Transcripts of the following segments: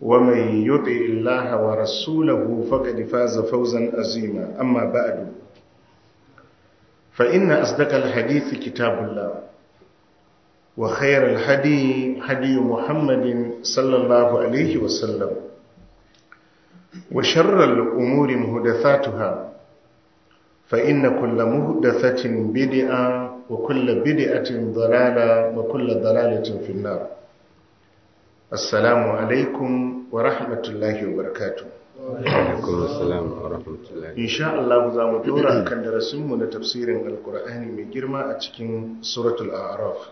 ومن يطع الله ورسوله فقد فاز فوزا عظيما أما بعد فإن أصدق الحديث كتاب الله وخير الهدي هدي محمد صلى الله عليه وسلم وشر الأمور مهدثاتها فإن كل مهدثة بدعة وكل بدعة ضلالة وكل ضلالة في النار assalamu alaikum wa rahmatullahi wa barakatu insha Allah za mu dora kan darasinmu na tafsirin alkur'ani mai girma a cikin suratul a'raf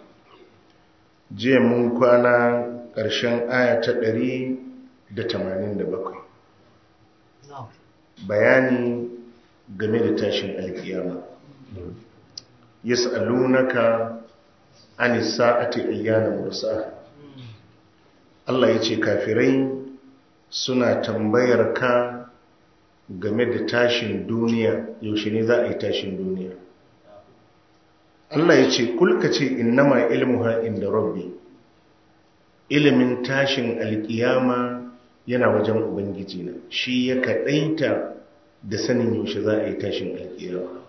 jiya mun kwana ƙarshen aya ta 187 bayani game da tashin alkiyama yas'alunaka anis sa'ati ayyana mursaha Allah ya ce kafirai suna tambayar ka game da tashin duniya yaushe ne za a yi tashin duniya Allah ya ce kulka ce innama ilmuha inda rabbi ilimin tashin alkiyama yana wajen ubangiji na shi ya kadaita da sanin yaushe za a yi tashin alkiyama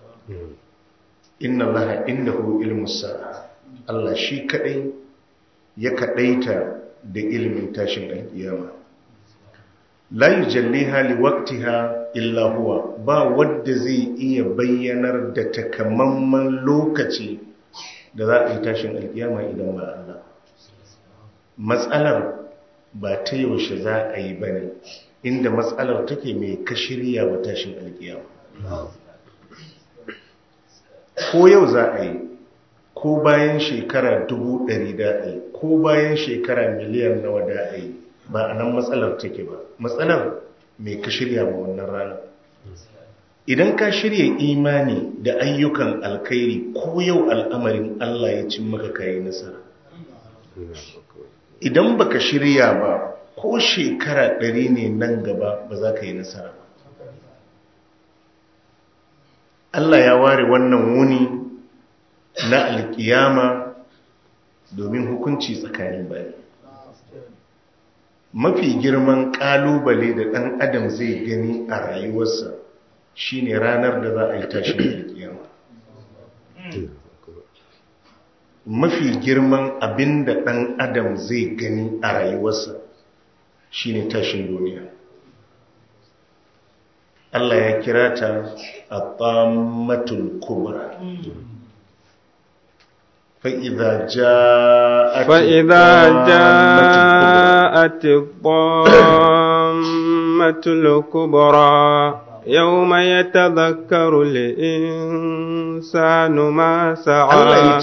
inna laha indahu ilmus sa'a Allah shi kadai ya kadaita da ilimin tashin alkiyama la yujalliha hali illa huwa ba wadda zai iya bayyanar da takamamman lokaci da za a yi tashin alkiyama idan ba Allah matsalar ba ta yaushe za a yi bane inda matsalar take mai kashiriya wa tashin alkiyama ko yau za a yi ko bayan shekara dubu ɗari da'ai ko bayan shekara miliyan nawa da'ai ba a nan matsalar take ba matsalar mai ka shirya ba wannan rana idan ka shirya imani da ayyukan alkhairi ko yau al'amarin allah ya cin maka kayi nasara idan baka shirya ba ko shekara ɗari ne nan gaba ba za ka yi nasara ba Allah ya ware wannan wuni na alkiyama domin hukunci tsakanin baya. mafi girman ƙalubale da ɗan adam zai gani a rayuwarsa shine ranar da za a yi tashin alkiyama mafi girman abin da ɗan adam zai gani a rayuwarsa shine tashin duniya Allah ya kira ta a kubra فإذا جاءت الضامة الكبرى يوم يتذكر الإنسان ما سعى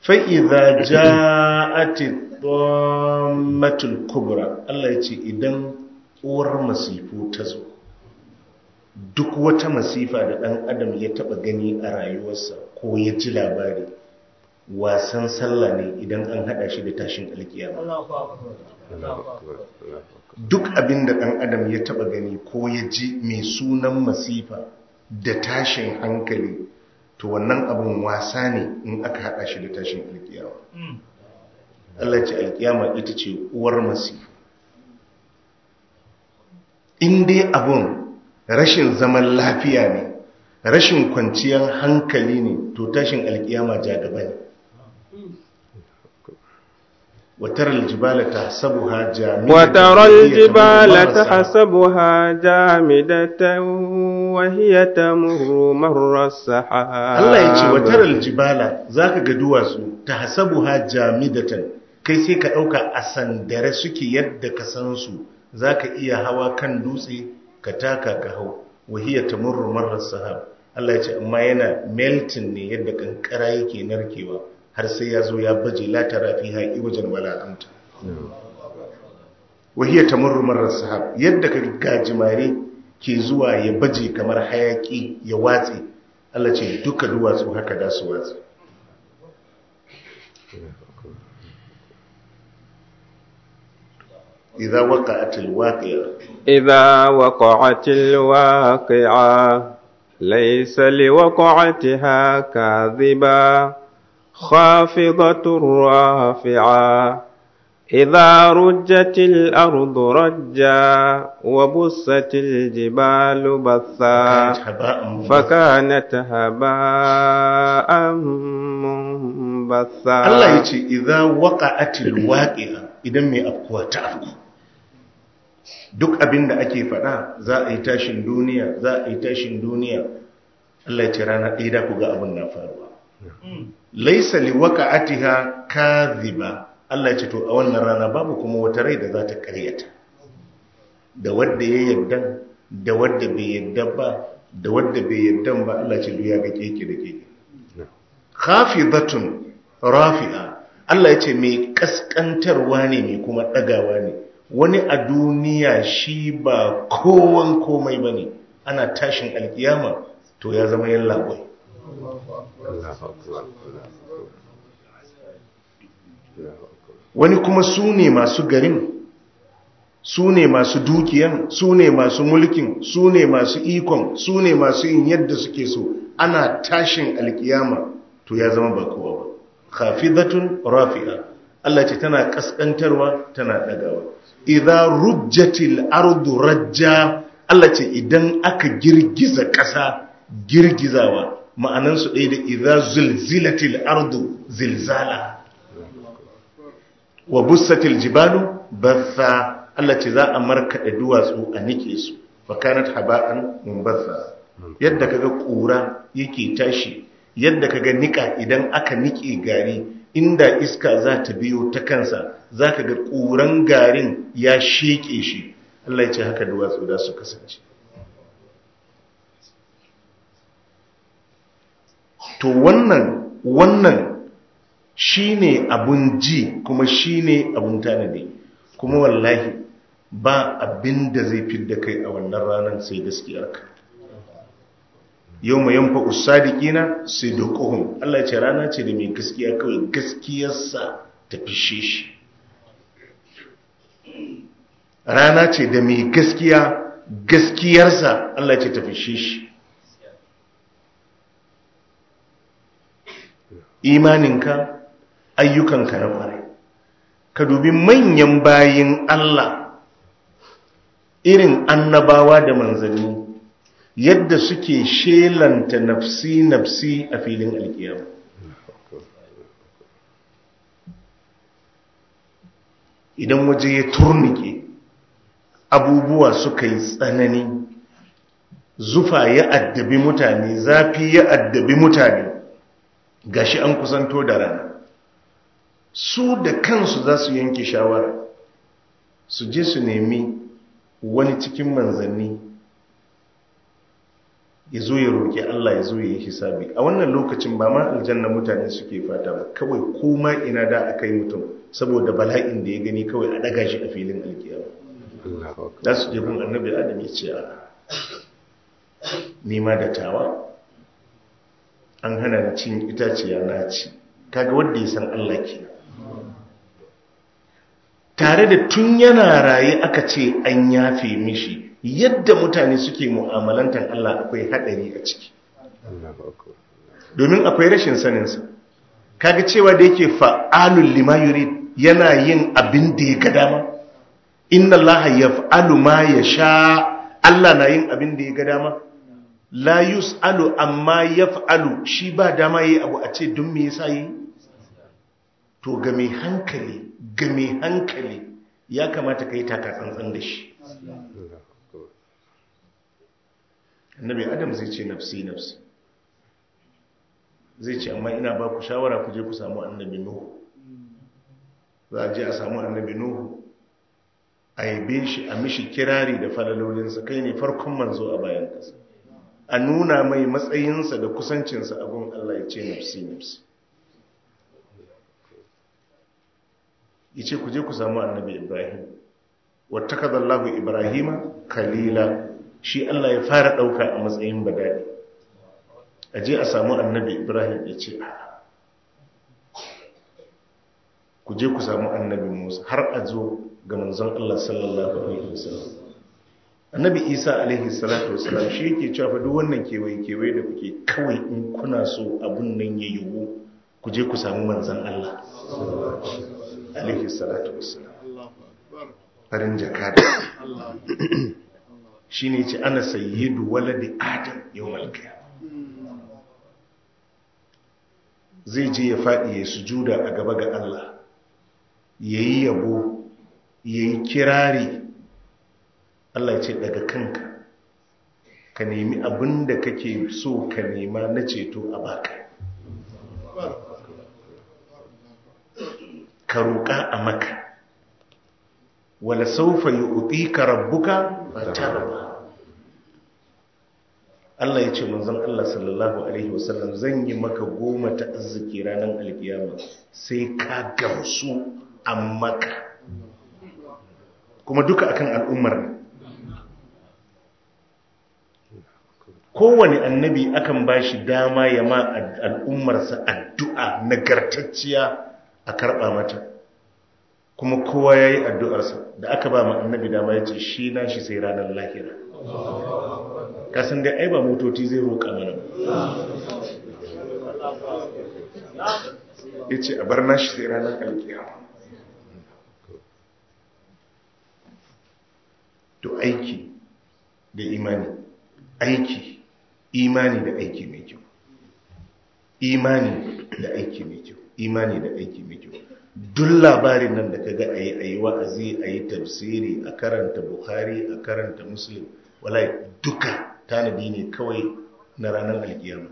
فإذا جاءت الضامة الكبرى الله يجي إذن أور مسيفو تزو zo duk wata masifa da ɗan adam ya taɓa gani a rayuwarsa ko ya ji labari wasan sallah ne idan an hada shi da tashin alkiyama duk abin da ɗan adam ya taɓa gani ko ya ji mai sunan masifa da tashin hankali to wannan abin wasa ne in aka hada shi da tashin alkiyama mm. Allah ce alkiyama ita ce uwar masifa in dai abin rashin zaman lafiya ne rashin kwanciyar hankali ne to tashin alkiyama ja gaba ne وترى الجبال تحسبها جامدة وهي تمر مر السحاب الله يجي وترى الجبال ذاك قدوس تحسبها جامدة كي سيكا أوكا أسندر سكي يد كسانسو ذاك إيا هوا كان دوسي كتاكا كهو وهي تمر مر السحاب الله يجي اما ينا yana melting ne yadda kankara yake har sai ya zo ya baje la tara fiha wajen wala amta wahiyar tamurru marar sahab yadda ka gajimare ke zuwa ya baje kamar hayaki ya watse Allah ce duka duwatsu haka da su watse إذا وقعت الواقعة إذا وقعت الواقعة ليس لوقعتها كاذبا خافضة رافعة إذا رجت الأرض رجا وبست الجبال بثا فكانت هباء منبثا الله يجي إذا وقعت الواقعة إذا ما أبقوا تأبقوا duk abin da ake faɗa za a yi tashin duniya za a yi tashin duniya Allah ya ce rana ɗaya da ku ga abin na faruwa laisa li waqa'atiha kadhiba Allah ya ce to a wannan rana babu kuma wata rai da za ta karyata da wanda ya yarda da wanda bai yarda ba da wanda bai yarda ba Allah ce duya ga keke da keke khafidatun rafi'a Allah ya ce mai kaskantarwa ne mai kuma dagawa ne wani a duniya shi ba kowan komai bane ana tashin alkiyama to ya zama yallaboi wani kuma su ne masu garin su ne masu dukiyan su ne masu mulkin su ne masu ikon su ne masu yin yadda suke so ana tashin alkiyama to ya zama ba kowa ba khafidatun rafi'a Allah ce tana kaskantarwa tana dagawa idza rujjatil ardu rajja Allah ce idan aka girgiza ƙasa girgizawa ma'anansu ɗaya da iza zulzilatil ardu zilzala wa bussatil jibalu batha Allah ce za a markaɗe duwatsu a nike su wa kanat haba'an mumbatha yadda kaga kura yake tashi yadda ka ga nika idan aka nike gari inda iska za ta biyo ta kansa za ka ga ƙuran garin ya sheƙe shi Allah ya ce haka duwatsu da su kasance to wannan wannan shine abun ji kuma shine abun tanadi kuma wallahi ba abin da zai da kai a wannan ranar sai ka. yau mai yanfa usadikina sai da kohun allah ce rana ce da mai gaskiya kawai gaskiyarsa ta fi shi rana ce da mai gaskiya gaskiyarsa allah ce ta shi imaninka ayyukanka na kwarai ka dubi manyan bayin Allah irin annabawa da manzanni yadda suke shelanta nafsi-nafsi a filin alkiyar idan waje ya turnike abubuwa suka yi tsanani zufa ya addabi mutane zafi ya addabi mutane Ga shi an kusanto da rana su da kansu za su yanke shawara su je su nemi wani cikin manzanni ya zo ya roƙi Allah ya zo ya yi hisabi a wannan lokacin ba ma aljanna mutane suke fata ba kawai koma ina da aka yi mutum saboda bala'in da ya gani kawai a ɗaga shi a filin alkiyama za su je annabi adam ya ce a nema da tawa an hana cin itaciya na ci kaga wanda ya san Allah ke. tare da tun yana raye aka ce an yafe mishi yadda mutane suke mu'amalantar Allah akwai haɗari a ciki domin akwai rashin saninsa kaga cewa da yake fa'alul lima yana yin abin da ya ga dama inna Allah fa'alu ma yasha Allah na yin abin da ya ga dama la alu, amma yaf'alu shi ba dama yayi abu a ce dun me yasa yi to ga mai hankali ga mai hankali ya kamata kai taka tsantsan da shi annabi adam zai ce nafsi nafsi zai ce amma ina ba ku shawara ku je ku samu annabi nuhu za a je a samu annabi nuhu a bin shi a mishi kirari da falalolinsa kai ne farkon manzo a bayan kasa. a nuna mai matsayinsa da kusancinsa abin Allah ya ce nafsi nafsi ya ce ku je ku samu annabi ibrahim wata kazallahu Ibrahim kalila shi Allah ya fara ɗauka a matsayin daɗi. a je a samu annabi ibrahim ya ce ku je ku samu annabi musa har a zo ga manzon Allah sallallahu alaihi wasallam annabi isa alaihi salatu wasalam shi yake cewa fa duk wannan kewaye kewaye da kuke kawai in kuna so abun nan ya yiwu ku je ku samu manzan Allah alaihi salatu wasalam farin da shi ne ce ana sayyidu waladi adam yau malkiya zai je ya faɗi ya sujuda a gaba ga Allah ya yi yabo ya yi kirari Allah ce daga kanka ka nemi abin da kake so ka nema na ceto a baka ka roƙa a maka wala saufa ka, rabbuka fatarba Allah ya ce manzon Allah sallallahu alaihi wasallam zan yi maka goma ta arziki ranar alkiyama sai ka gamsu a maka. kuma duka akan al'ummar kowane annabi akan ba shi dama ya ma al'ummarsa addu'a nagartacciya a karɓa mata kuma kowa ya yi addu'arsa da aka ba ma annabi dama ya ce shi na shi sai ranar lahira kasan da ai ba motoci zai roƙa mana ya ce a bar na shi sai ranar alkiyama to aiki da imani aiki imani da aiki mai kyau imani da aiki mai kyau imani da aiki mai kyau duk labarin nan da kaga ayi ayi wa'azi ayi tafsiri a karanta Buhari, a karanta muslim wallahi duka tanadi ne kawai na ranar alkiyama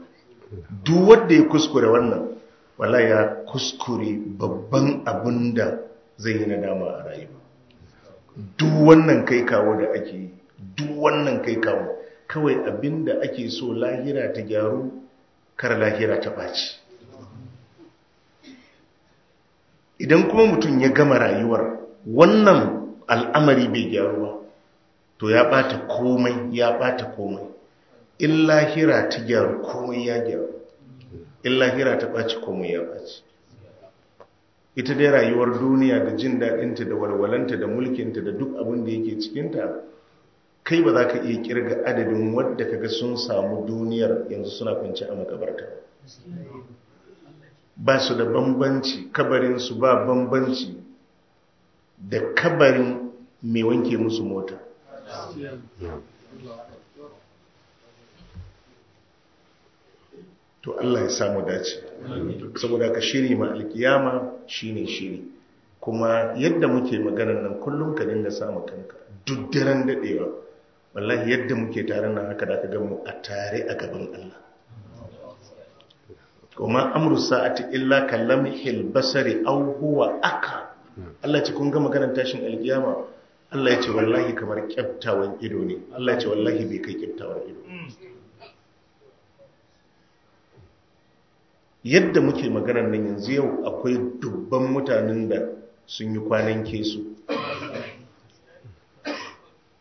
duk wanda ya kuskure wannan wallahi ya kuskure babban abin da zai yi na nadama a rayuwa duk wannan kai kawo da ake yi duk wannan kai kawo kawai abinda ake so lahira ta gyaru kar lahira ta ɓaci idan kuma mutum ya gama rayuwar wannan al'amari bai gyaru ba to ya ɓata komai ya ɓata komai in lahira ta gyaru komai ya gyaru in lahira ta ɓaci komai ya ɓaci ita dai rayuwar duniya da jin daɗinta da walwalanta da mulkinta da duk abin da yake cikinta kai ba za ka iya kirga adadin wadda ga sun samu duniyar yanzu suna kwanci a makabarta ba su da bambanci kabarinsu ba bambanci da kabarin mai wanke musu mota to Allah ya samu dace saboda ka shiri ma alkiyama shine shiri kuma yadda muke maganar nan kullum ka dinga samu kanka duk daren dadewa wallahi yadda muke tare nan haka da ka gamu a tare a gaban Allah kuma amru sa'ati illa kallamhil basari aw huwa aka Allah ce kun ga maganar tashin alkiyama Allah ya ce wallahi kamar kyaftawan ido ne Allah ya ce wallahi bai kai kyaftawan ido yadda muke maganar nan yanzu yau akwai dubban mutanen da sun yi kwanan kesu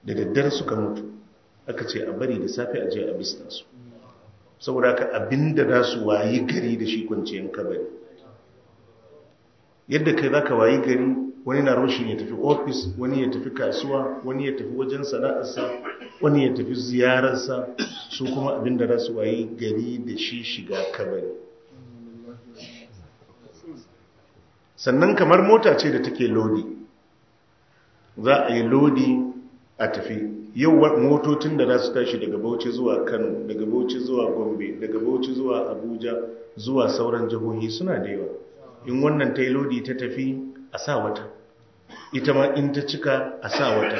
da daddare suka mutu aka ce a bari da safe a je a bista su saboda ka abinda za su wayi gari da shi kwanciyar kabari yadda kai za ka wayi gari wani na roshi ya tafi ofis wani ya tafi kasuwa wani ya tafi wajen sana'arsa wani ya tafi ziyararsa su kuma abinda za su wayi gari da shi shiga kabari sannan kamar mota ce da take lodi za a yi lodi a tafi yau motocin da za su tashi daga bauchi zuwa kano daga bauchi zuwa gombe daga bauchi zuwa abuja zuwa sauran jihohi suna da yawa in wannan ta yi lodi ta tafi a sa wata ita ma in ta cika a sa wata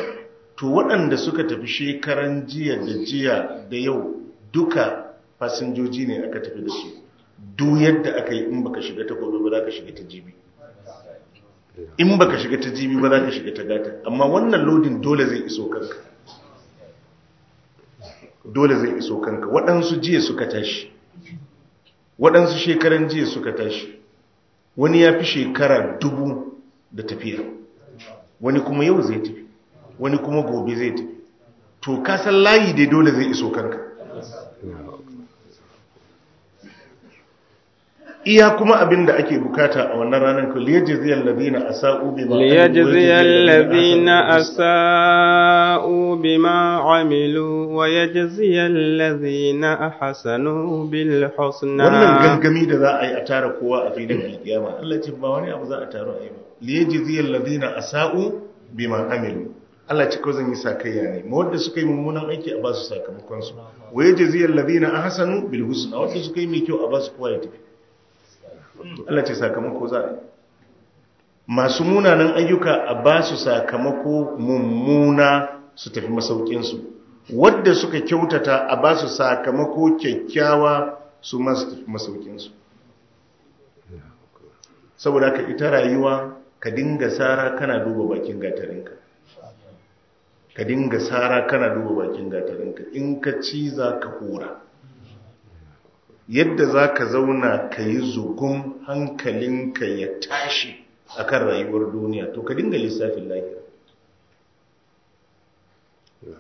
to waɗanda suka tafi shekaran jiya da jiya da yau duka fasinjoji ne aka tafi da su duk yadda aka yi in baka shiga ta gobe ba za ka shiga ta jibi in baka shiga ta jibi ba za ka shiga ta gata amma wannan lodin dole zai iso kanka dole zai iso kanka waɗansu jiya suka tashi waɗansu shekaran jiya suka tashi wani ya fi shekara dubu da tafiya wani kuma yau zai tafi wani kuma gobe zai tafi to kasan layi dai dole zai iso kanka iya kuma abin da ake bukata a wannan ranar ku liyajziyal ladina asa'u bima liyajziyal ladina asa'u ma amilu wa yajziyal ladina ahsanu bil husna wannan gangami da za a yi a tara kowa a filin kiyama Allah ce ba wani abu za a taro a yi ba liyajziyal ladina asa'u ma amilu Allah ce ko zan yi sakayya ne ma wanda suka yi mummunan aiki a ba su sakamakon su wa yajziyal ladina ahsanu bil husna wanda suka yi mai kyau a ba su kowa ya tafi Allah ce sakamako za a yi masu munanan ayyuka a ba su sakamako mummuna su tafi masaukinsu wadda suka kyautata a ba su sakamako kyakkyawa su masaukinsu saboda ka ita rayuwa ka dinga tsara kana duba bakin gatarinka ka dinga tsara kana duba bakin gatarinka in ka ciza ka hura yadda za ka zauna ka yi zugun hankalinka ya tashi a kan rayuwar duniya to ka dinga lissafin lahira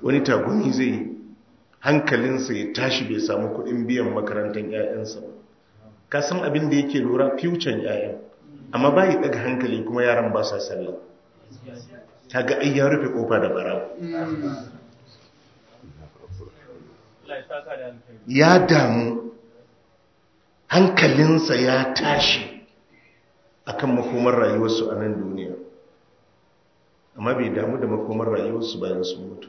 wani taguni zai hankalinsa ya tashi bai samu kuɗin biyan makarantar 'ya'yansa ba ka san abin da yake lura fiucan 'ya'yan amma ba yi ɗaga hankali kuma yaran ba sa sallah ta ga ai ya rufe kofa da bara ya damu hankalinsa ya tashi akan makomar rayuwarsu a nan duniya amma bai damu da makomar rayuwarsu bayan su mutu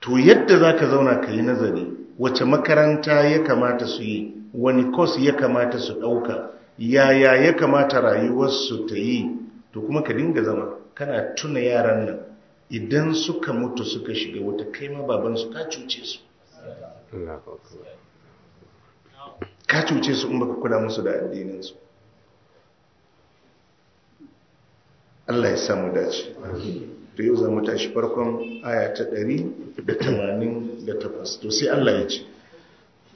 to yadda za ka zauna ka yi nazari wace makaranta ya kamata su yi wani kos ya kamata su ɗauka yaya ya kamata rayuwarsu ta yi to kuma ka dinga zama kana tuna yaran nan idan suka mutu suka shiga wata kai ma babansu ta cuce su ka cuce su in baka kula musu da addininsu Allah ya samu dace to yau za mu tashi farkon aya ta 188 to sai Allah ya ce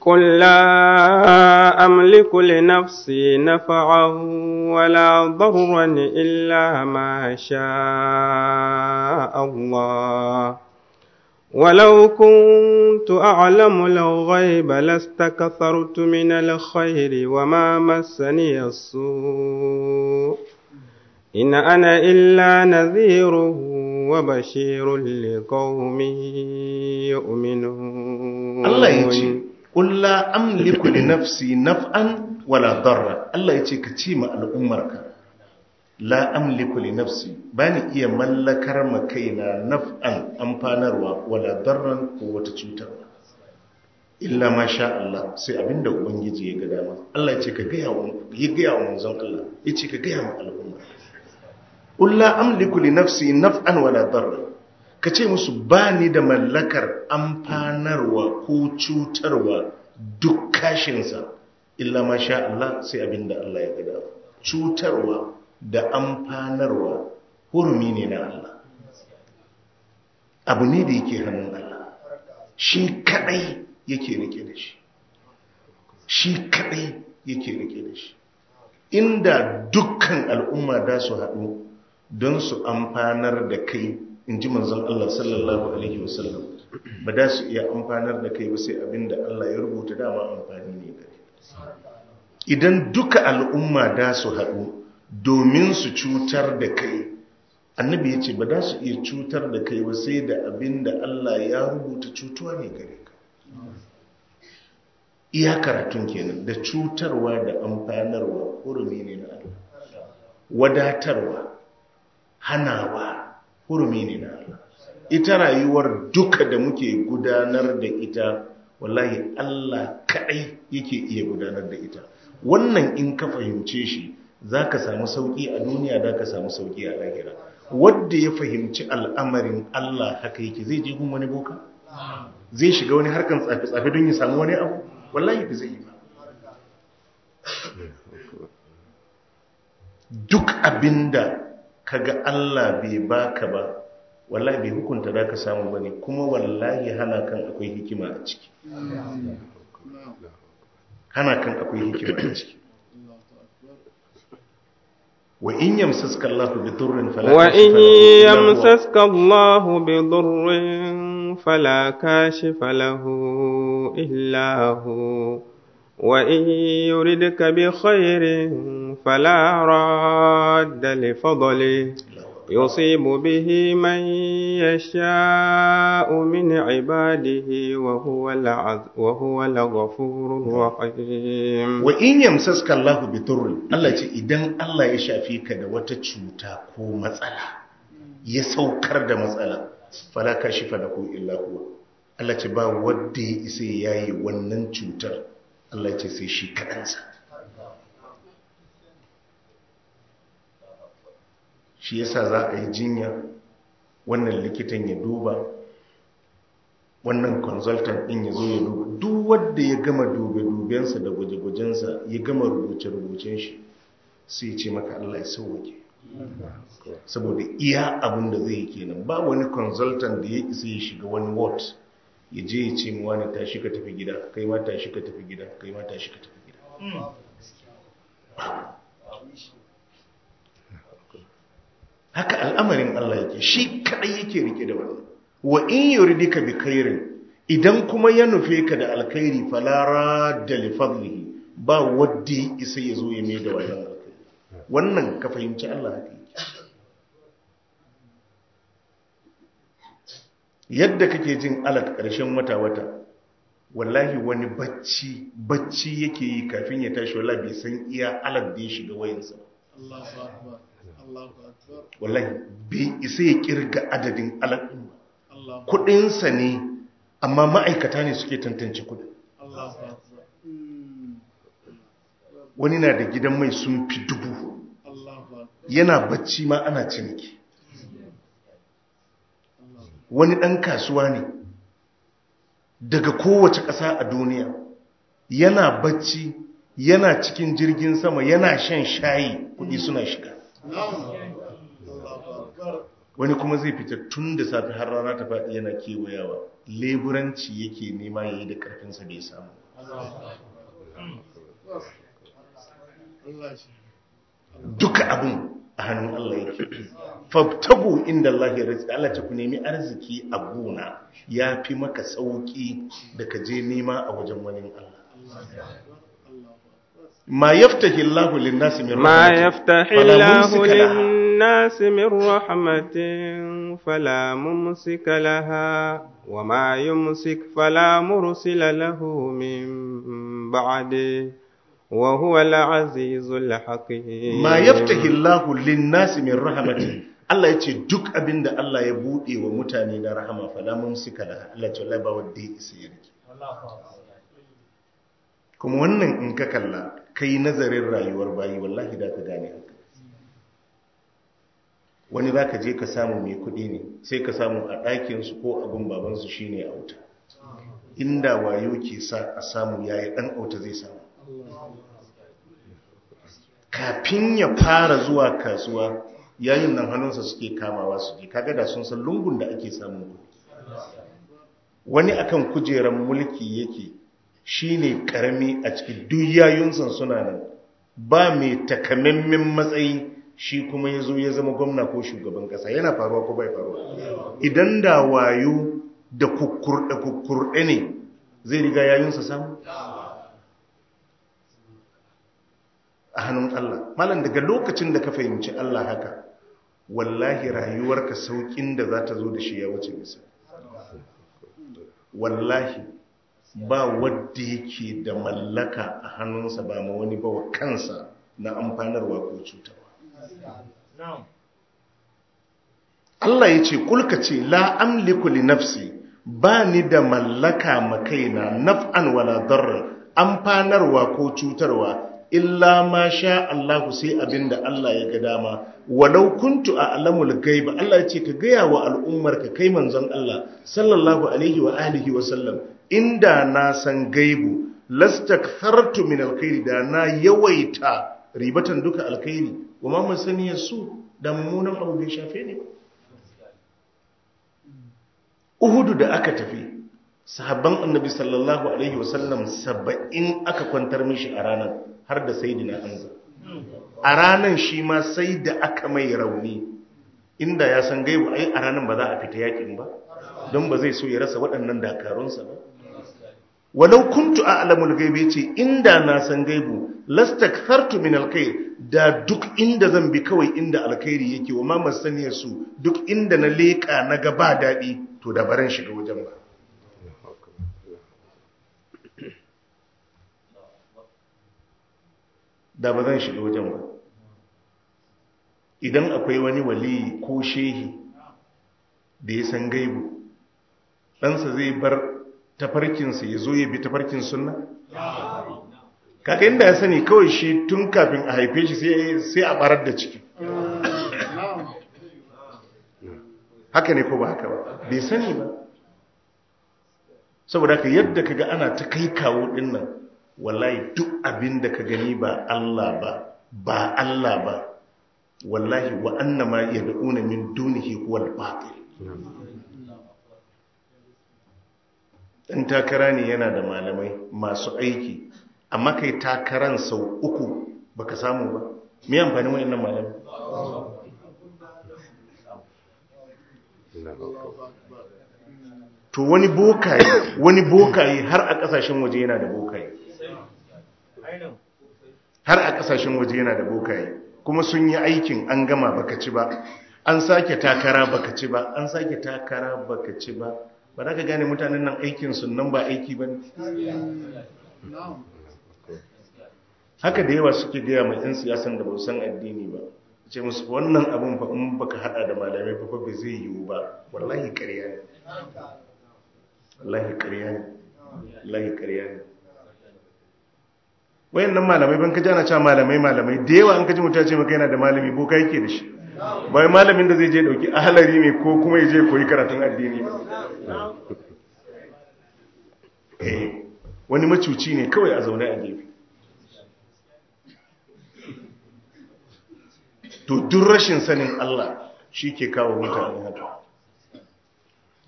قل لا أملك لنفسي نفعا ولا ضرا إلا ما شاء الله ولو كنت أعلم الغيب لاستكثرت من الخير وما مسني السوء إن أنا إلا نذير وبشير لقوم يؤمنون الله يجي قل لا أملك لنفسي نفعا ولا ضرا الله يجي كتيمة الأمرك la amliku li nafsi bani iya mallakar ma kaina naf'an amfanarwa wala darran ko wata cutarwa illa ma sha Allah sai abinda ubangiji ya ga dama Allah ya ce ka gaya wa ya gaya wa manzon Allah ya ce ka gaya ma al'umma ulla amliku li nafsi naf'an wala darra ka ce musu bani da mallakar amfanarwa ko cutarwa duk kashinsa illa ma sha Allah sai abinda Allah ya ga dama cutarwa da amfanarwa hurumi ne na Allah abu ne da yake hannun Allah shi kadai yake rike da shi shi kadai yake rike da shi inda dukkan al'umma da su haɗu don su amfanar da kai in ji manzon Allah sallallahu alaihi wasallam ba da su iya amfanar da kai ba sai abin da Allah ya rubuta dama amfani ne da idan duka al'umma da su haɗu domin su cutar da kai annabi ya ce ba za su iya cutar da kai ba sai da abin da Allah ya rubuta cutuwa ne gare ka iya karatun kenan da cutarwa da amfanarwa hurumi ne na Allah wadatarwa hanawa hurumi ne na Allah ita rayuwar duka da muke gudanar da ita wallahi Allah kaɗai yake iya gudanar da ita wannan in ka fahimce shi za ka samu sauƙi a duniya za ka samu sauƙi a lahira wadda ya fahimci al'amarin Allah haka yake zai je gun wani boka zai shiga wani harkar tsafe-tsafe don ya samu wani abu wallahi ba zai yi ba duk abinda ga Allah bai baka ba wallahi bai hukunta za ka samu ba ne kuma wallahi hana kan akwai hikima a ciki hana kan akwai hikima a ciki وإن يمسسك الله بضر فلا وإن يمسسك الله بضر فلا كاشف له إلا هو وإن يردك بخير فلا راد لفضله يصيب به من يشاء من عباده وهو وهو الغفور الرحيم وإن يمسسك الله بضر الله يجي إذن الله يشافيك da wata cuta ko matsala ya saukar da matsala fala kashifa lahu illa huwa Allah ce ba wanda ya isa yayi wannan cutar Allah ce sai shi kadansa shi yasa za a yi jinya wannan likitan ya duba wannan consultant din ya zo ya duba duk wanda ya gama dube-dubensa da gwaje-gwajensa ya gama rubuce-rubucen shi sai ce maka Allah ya sauwake saboda iya abin da zai kenan ba wani consultant da ya isa ya shiga wani ward ya je ya ce mu wani tashi ka tafi gida kai ma tashi ka tafi gida kai ma tashi ka tafi gida hmm. haka al'amarin Allah yake shi kadai yake rike da wani. wa in yuridika bi khairin idan kuma ya nufe ka da alkhairi falara da lifadlihi ba wadda isa ya zo ya mai da wannan wannan ka fahimci Allah haka yake yadda kake jin alat ƙarshen wata wata wallahi wani bacci bacci yake yi kafin ya tashi wallahi bai san iya alat da ya shiga wayansa Allah wallahi bai isa ya kirga adadin alaƙin ba kudinsa ne amma ma'aikata ne suke tantance kudin hmm. wani na da gidan mai sun fi dubu yana bacci ma ana ciniki wani ɗan kasuwa ne daga kowace ƙasa a duniya yana bacci yana cikin jirgin sama yana shan shayi kudi suna shiga wani kuma zai fita tun da safi har rana ta faɗi yana kewayawa leburanci yake nema ya yi da ƙarfinsa bai samu duka abin a hannun Allah yake fabtago inda Allah ya rizki Allah ce ku nemi arziki a gona ya fi maka sauƙi da ka je nema a wajen wani Allah ma yaftahi Allahu lin-nasi min rahmatin ma yaftahi Allahu lin-nasi min rahmatin fala mumsik laha wa ma yumsik fala mursil lahu min ba'di wa huwa al-azizul hakim ma yaftahi Allahu lin-nasi min rahmatin Allah ya ce duk abinda Allah ya buɗe wa mutane na rahama fala mumsik laha Allah ya ce ba wadda ya isa yake kuma wannan in ka kalla Ka yi nazarin rayuwar bayi wallahi da ka gane haka wani za ka je ka samu mai kuɗi ne sai ka samu a ɗakinsu ko abin babansu shi ne auta inda wayo ke sa a samu yayi ɗan auta zai samu kafin ya fara zuwa kasuwa yayin nan hannunsa suke kamawa su je kaga da sun san lungun da ake samun kuɗi wani akan kujerar mulki yake Shi ne karami a cikin duk yayunsa suna nan ba mai takamaimin matsayi shi kuma ya zo ya zama gwamna ko shugaban ƙasa. yana faruwa ko bai faruwa idan da wayo da kukurɗe ne zai riga yayunsa samu a hannun Allah malam daga lokacin da ka fahimci Allah haka wallahi rayuwarka saukin da za ta zo da shi ya wuce wallahi ba wadda yake da mallaka a hannunsa ba ma wani ba wa kansa na amfanarwa ko cutarwa Allah ya ce kulka ce la amliku li nafsi ba ni da mallaka makaina naf'an wala darra amfanarwa ko cutarwa illa ma sha Allah sai abin da Allah ya ga dama walau kuntu a alamul gaiba Allah ya ce ka gaya wa al'ummar ka kai manzon Allah sallallahu alaihi wa alihi wa sallam inda na san gaibu lastak lastakfartu min alkhairi da na yawaita ribatan duka alkhairi kuma mun sani su da mummunan abu bai shafe ne uhudu da aka tafi sahabban annabi sallallahu alaihi wasallam saba'in aka kwantar mishi a ranar har da sayyidina hamza a ranar shi ma sai da aka mai rauni inda ya san gaibu ai a ranar ba za a fita yakin ba don ba zai so ya rasa waɗannan dakarunsa ba walau kuntu a'lamul gaibe ce inda na san gaibu lastak lastakthartu min alkhair da duk inda zan bi kawai inda alkhairi yake wa mamar saniya su duk inda na leka na gaba ba to da baran shiga wajen ba da ba zan shiga wajen ba idan akwai wani wali ko shehi da ya san gaibu ɗansa zai bar tafarkinsa ya zo ya bi tafarkin sunna kaka inda ya sani kawai shi tun kafin a haife shi sai a barar da ciki haka ne ko ba haka ba bai sani ba saboda ka yadda ka ga ana ta kai kawo dinnan wallahi duk abin da ka gani ba Allah ba ba Allah ba wallahi wa annama yad'una min dunihi huwal batil in takara ne yana da malamai masu aiki amma kai takaran sau uku baka samu ba mai amfani wani nan malamai to wani bokaye wani bokaye har a kasashen waje yana da bokaye har a kasashen waje yana da bokaye kuma sun yi aikin an gama baka ci ba an sake takara baka ci ba an sake takara baka ci ba ba za ka gane mutanen nan aikin sunan ba aiki ba haka da yawa suke gaya mai 'yan siyasan da ba san addini ba ce musu wannan abin ba in baka hada da malamai ba ba zai yiwu ba wallahi ƙarya ne wallahi ƙarya ne wallahi ƙarya ne wayannan malamai ban ka ji ana cewa malamai malamai da yawa an kaji ji mutum ya ce maka yana da malami boka yake da shi bai malamin da zai je dauki ahalari ne ko kuma ya je koyi karatun addini ba eh, wani macuci ne kawai a zaune a gefe to duk rashin sanin Allah shi ke kawo mutane haka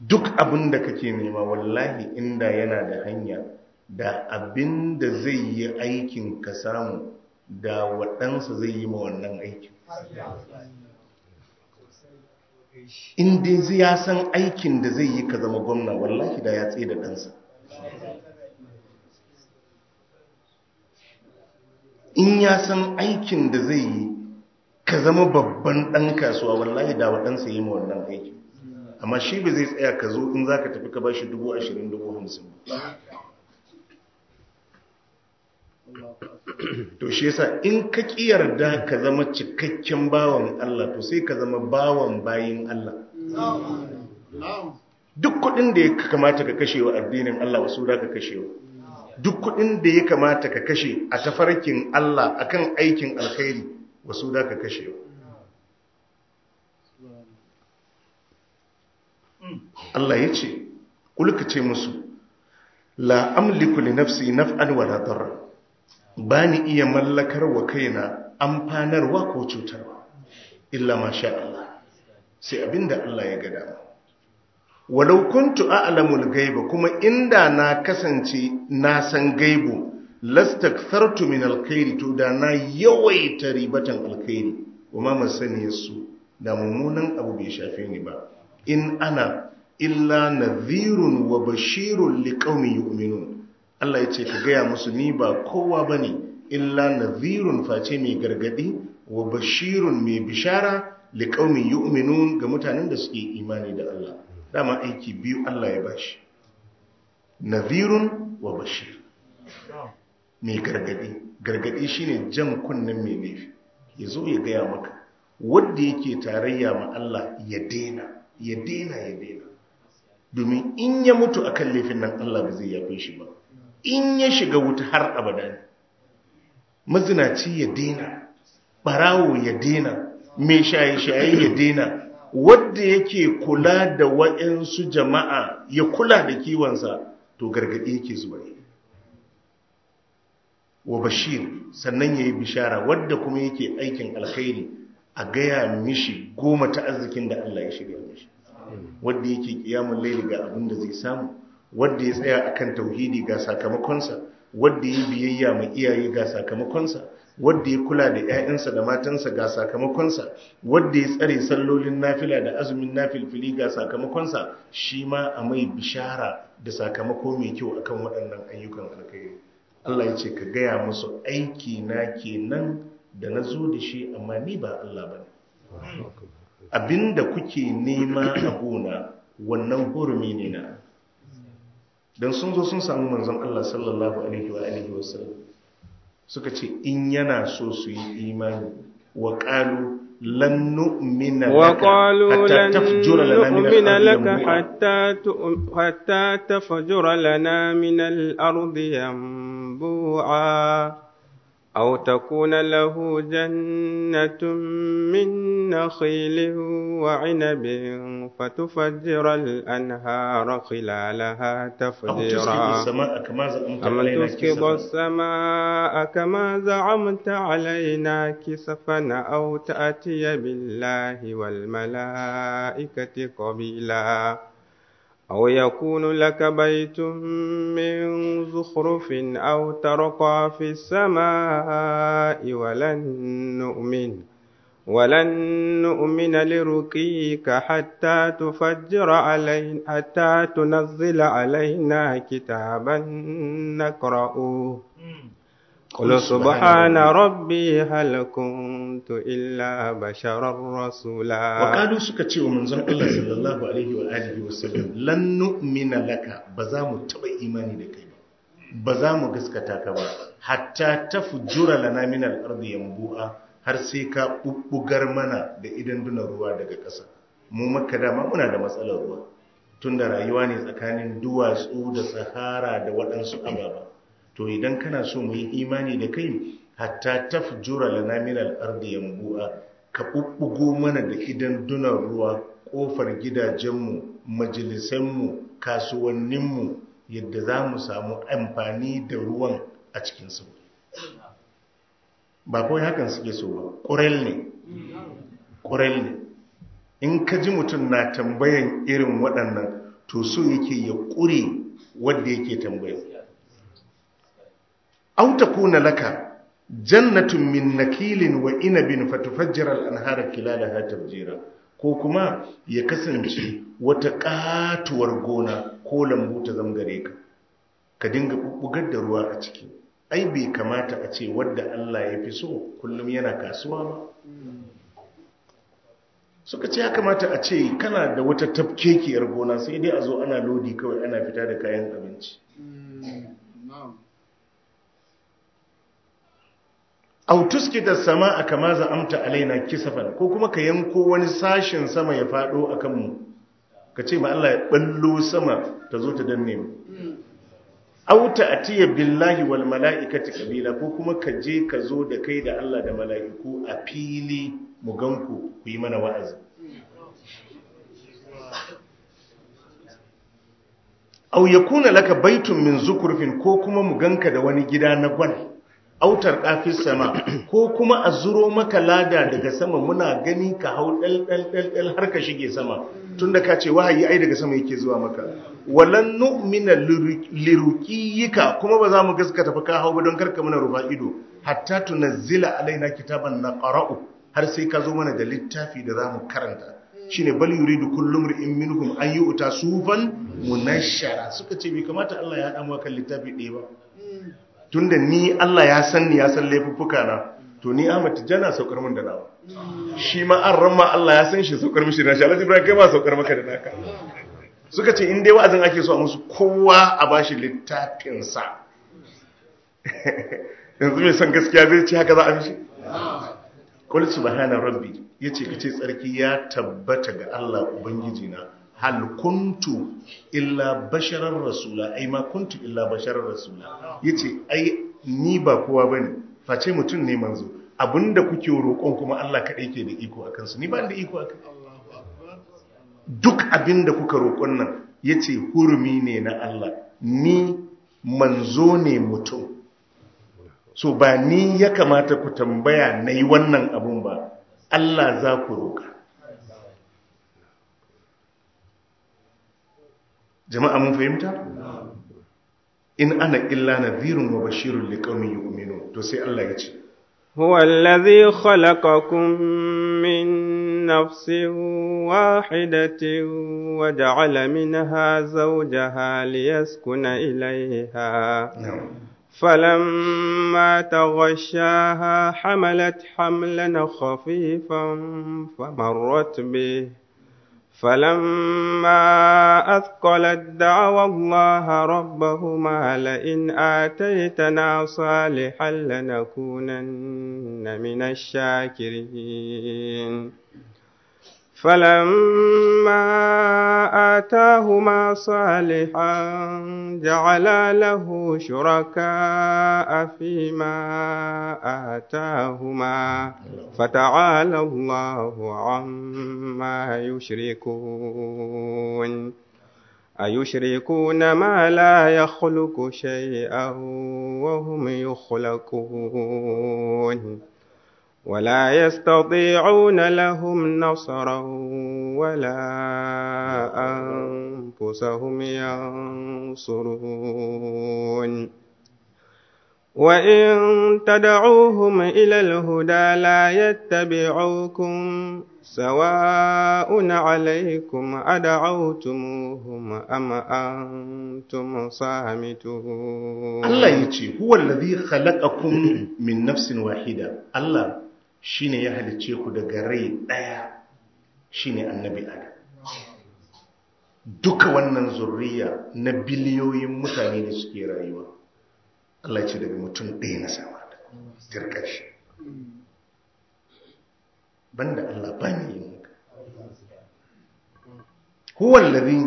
duk abin da kake nema wallahi inda yana da hanya da abin da zai yi aikin ka samu da waɗansa zai yi ma wannan aikin in dai zai ya san aikin da zai yi ka zama gwamna wallahi da ya tsaye da ɗansa in ya san aikin da zai yi ka zama babban ɗan kasuwa wallahi da waɗansa yi ma wannan aiki amma shi ba zai tsaya ka zo in za ka tafi ka ba shi dubu ashirin dubu hamsin ba to shi yasa in ka yarda ka zama cikakken bawan Allah to sai ka zama bawan bayin Allah duk kudin da ya kamata ka kashewa addinin Allah wasu da ka kashewa duk kudin da ya kamata ka kashe a tafarkin Allah akan aikin alkhairi wasu da ka kashewa Allah ya ce kulka ce musu la amliku li nafsi naf'an wala darra ba ni iya wa kaina amfanarwa ko cutarwa illa masha Allah sai abinda Allah ya gada walau kuntu a'lamul gaiba kuma inda na kasance na san gaibu lastakthartu min alkhairi to da na yawaita ribatan alkhairi kuma masani su da mummunan abu bai shafe ni ba in ana illa nadhirun wa bashirun liqaumin yu'minun Allah ya ce ka gaya musu ni ba kowa ba ne illa nazirun face mai gargadi wa bashirun mai bishara liƙaumin yu'minun ga mutanen da suke imani da Allah dama aiki biyu Allah ya bashi nazirun wa bashir mai gargadi gargadi shine jan kunnen mai laifi ya zo ya gaya maka wadda yake tarayya ma Allah ya dena ya dena ya dena domin in ya mutu a kan laifin nan Allah ba zai yafe shi ba in ya shiga wuta har abada mazinaci ya dina barawo ya dina mai shaye-shaye ya dina wadda yake kula da wa'insu jama'a ya kula da kiwonsa to gargaɗe yake zuwa wa bashir sannan ya yi bishara wadda kuma yake aikin alkhairi a gaya mishi goma ta arzikin da Allah ya shirya mishi wadda yake kiyamun laili ga abin da zai samu Wadda ya tsaya a kan tauhidi ga sakamakonsa wadda ya biyayya mai iyaye ga sakamakonsa wadda ya kula da 'ya'yansa da matansa ga sakamakonsa wadda ya tsare sallolin nafila da azumin nafilfili ga sakamakonsa shi ma a mai bishara da sakamako mai kyau akan waɗannan ayyukan alkhairi Allah ya ce ka gaya musu aiki na kenan da na zo da shi amma ni ba Allah ba abinda kuke nema a gona wannan hurumi ne na don sun zo sun samu manzon Allah sallallahu alaihi wa alihi wasallam suka ce in yana so su yi imani wa qalu lan nu'mina وقالوا لن نؤمن لك حتى حتى تفجر لنا من الأرض ينبوعا أو تكون له جنة من نخيل وعنب فتفجر الأنهار خلالها تفجيرا أم تسكب السماء كما زعمت علينا كسفا أو تأتي بالله والملائكة قبيلا أو يكون لك بيت من زخرف أو ترقى في السماء ولن نؤمن ولن نؤمن لرقيك حتى تفجر علينا حتى تنزل علينا كتابا نقرأه قل سبحان ربي هل كنت إلا بشرا رسولا وقالوا suka ce wa manzon Allah sallallahu alaihi wa alihi wa sallam Lannu mina laka ba za mu taba imani da kai ba ba za mu gaskata ka ba hatta tafjura lana min al-ardi yanbu'a har sai ka bubbugar mana da idan duna ruwa daga ƙasa mu maka dama muna da matsalar ruwa tunda rayuwa ne tsakanin duwatsu da sahara da waɗansu ababa to idan kana so mu yi imani da kai hatta tafjura lana min al-ardi yambu'a ka bubbugo mana da idan dunar ruwa kofar gidajenmu majalisanmu kasuwanninmu yadda za mu samu amfani da ruwan a cikinsu ba kawai hakan suke so ba ƙurel ne ƙurel ne in ka ji mutum na tambayan irin waɗannan to so yake ya ƙure wadda yake tambayar. aw takuna laka jannatun min nakilin wa inabin fatufajjira al kilala kilalaha tafjira ko kuma ya kasance wata katuwar gona ko lambu ta zangare ka ka dinga bubbugar da ruwa a ciki ai bai kamata a ce wadda Allah ya fi so kullum yana kasuwa ba suka ce ya kamata a ce kana da wata tafkekiyar gona sai dai a zo ana lodi kawai ana fita da kayan abinci au da sama a kama amta alaina kisafan ko kuma ka yanko wani sashen sama ya faɗo a kanmu ka ce ma Allah ya ɓallo sama ta zo ta danne mu Auta a atiya billahi wal ta kabila ko kuma ka je ka zo da kai da Allah da mala'iku a fili mu ganku ku yi mana wa'azi au kuna laka baitun min zukurfin ko kuma mu ganka da wani gida na gwal autar ɗafis sama ko kuma a zuro maka lada daga sama muna gani ka hau ɗalɗalɗal har ka shige sama tun da ka ce wahayi ai daga sama yake zuwa maka walan nu'mina lirukiyika kuma ba za mu gaskata fa ka hau ba don karka muna rufa ido hatta tunazzila alaina kitaban na qara'u har sai ka zo mana da littafi da za mu karanta shine bal yuridu kullu mar'in minhum an sufan munashshara suka ce bai kamata Allah ya haɗa mu kan littafi ɗaya ba tunda ni Allah ya san ni ya san laifuffuka na to ni Ahmad Tijjana saukar min da nawa shi ma an ramma Allah ya san shi saukar mishi na shi Allah Ibrahim kai ma saukar maka da naka suka ce in dai wa'azin ake so a musu kowa a bashi littafin sa yanzu mai san gaskiya zai ce haka za a mishi qul subhana rabbi yace kace tsarki ya tabbata ga Allah ubangiji na hal kuntu illa basharar rasula ai ma kuntu illa basharar rasula yace ai ni ba kowa bane face mutum ne manzo abinda kuke roƙon kuma Allah kaɗai ke da iko akan su ni ba da iko akan duk abinda kuka roƙon nan yace hurumi ne na Allah ni manzo ne mutum so ba ni ya kamata ku tambaya nayi wannan abun ba Allah za ku roƙa jama'a mun fahimta in ana illa nadhirun wa bashirun liqaumin yu'minun to sai Allah ya ce huwa allazi khalaqakum min nafsin wahidatin wa ja'ala minha zawjaha liyaskuna ilayha فلما تغشاها حملت حملا خفيفا فمرت به فلما أثقلت دعوا الله ربهما لئن آتيتنا صالحا لنكونن من الشاكرين فلما آتاهما صالحا جعلا له شركاء فيما آتاهما فتعالى الله عما يشركون أيشركون ما لا يخلق شيئا وهم يخلقون ولا يستطيعون لهم نصرا ولا أنفسهم ينصرون وإن تدعوهم إلى الهدى لا يتبعوكم سواء عليكم أدعوتموهم أم أنتم صامتون الله يتي هو الذي خلقكم من نفس واحدة الله shine ya halice ku daga rai ɗaya shine annabi adam duka wannan zurriya na biliyoyin mutane da suke rayuwa Allah ce daga mutum ɗaya na samar da tirkar shi banda Allah ba ne yin haka huwallazi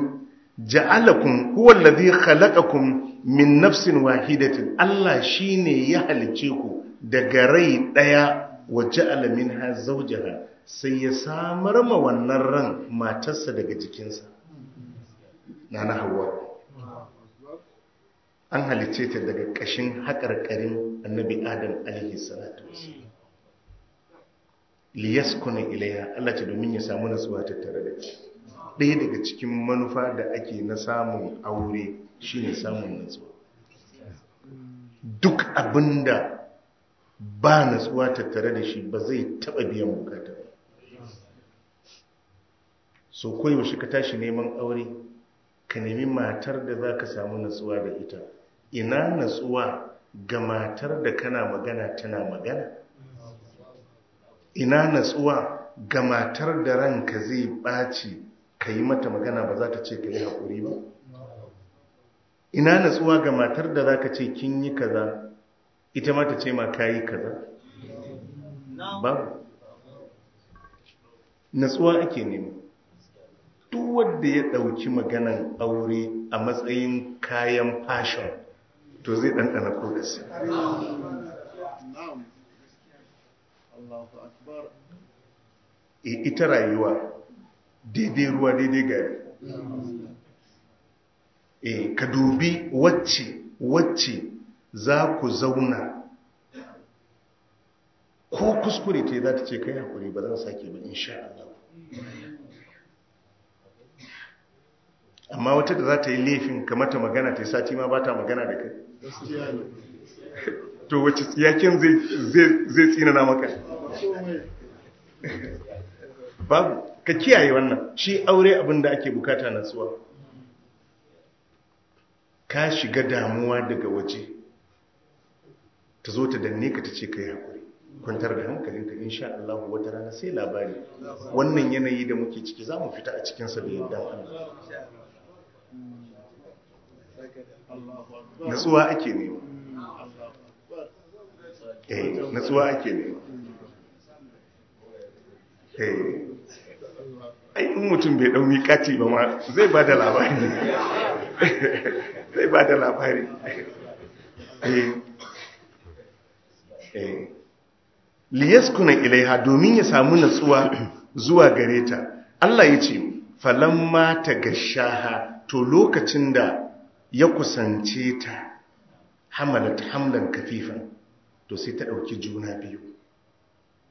ja'alakum huwallazi khalaqakum min nafsin wahidatin Allah shine ya halice ku daga rai ɗaya wa alamin ha zaujara sai ya samar ma wannan ran matarsa daga jikinsa Na na hawa an halice ta daga kashin haƙarƙarin annabi adam alihi salatu kuna ilaiya Allah ce domin ya samu nasuwa tare da shi ɗaya daga cikin manufa da ake na samun aure shine samun nasuwa duk abinda ba natsuwa tattare da shi ba zai taba biyan bukata so shi ka tashi neman aure ka nemi matar da za ka samu natsuwa da ita ina natsuwa ga matar da kana magana tana magana ina natsuwa ga matar da ranka zai ɓaci ka yi mata magana ba za ta ce ka yi haƙuri ba ina natsuwa ga matar da za ka ce kin yi kaza ita ma ta ce ma kayi kaza ba? natsuwa ake nemi duk wanda ya ɗauki maganan aure a matsayin kayan fashon to zai ɗanɗana E, ita rayuwa daidai ruwa daidai gari e, ka dubi wacce wacce za ku zauna ko kuskure te za ta ce kai hakuri ba zan sake ba insha Allah amma wata da za ta yi laifin kamata magana ta yi sati ma ba ta magana da kai to wace yakin zai tsinana maka babu ka kiyaye wannan shi aure abin da ake bukata natsuwa ka shiga damuwa daga waje ta zo ta danne ka ta ce ka yi haƙuri kwantar da hankalinka sha Allah wata rana sai labari wannan yanayi da muke ciki za mu fita a cikinsa da yadda Allah natsuwa ake ne? eh natsuwa ake ne? eh ai in mutum bai dau kati ba ma zai ba da labari zai ba da labari eh Eh. liyaskuna ilaiha domin ya samu natsuwa zuwa gare ta Allah ya ce falamma ta gashaha to lokacin da ya kusance ta hamalat hamlan kafifan to sai ta ɗauki juna biyu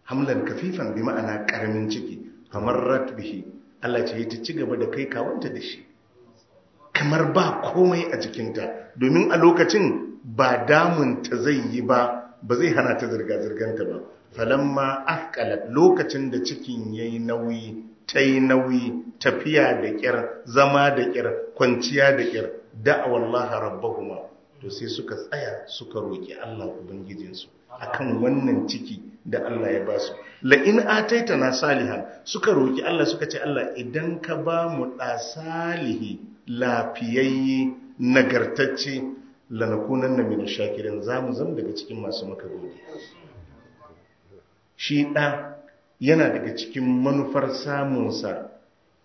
hamlan kafifan bi ma'ana ƙaramin ciki kamar ratbihi Allah ce ya ci gaba da kai kawanta da shi kamar ba komai a jikinta domin a lokacin ba damunta zai yi ba ba zai hana ta zirga ta ba falamma ahqalat lokacin da cikin yayi nauyi ta yi nauyi tafiya da kyar zama da kyar kwanciya da kyar da'awallaha bahuma to sai suka tsaya suka roƙi Allah ubangijinsu akan wannan ciki da Allah ya basu la'in na salihan suka roƙi Allah suka ce Allah idan ka ba mu da salihi lafiyayye nagartacce lanakunan na min shakirin zamu zama daga cikin masu maka godiya shi ɗa yana daga cikin manufar samunsa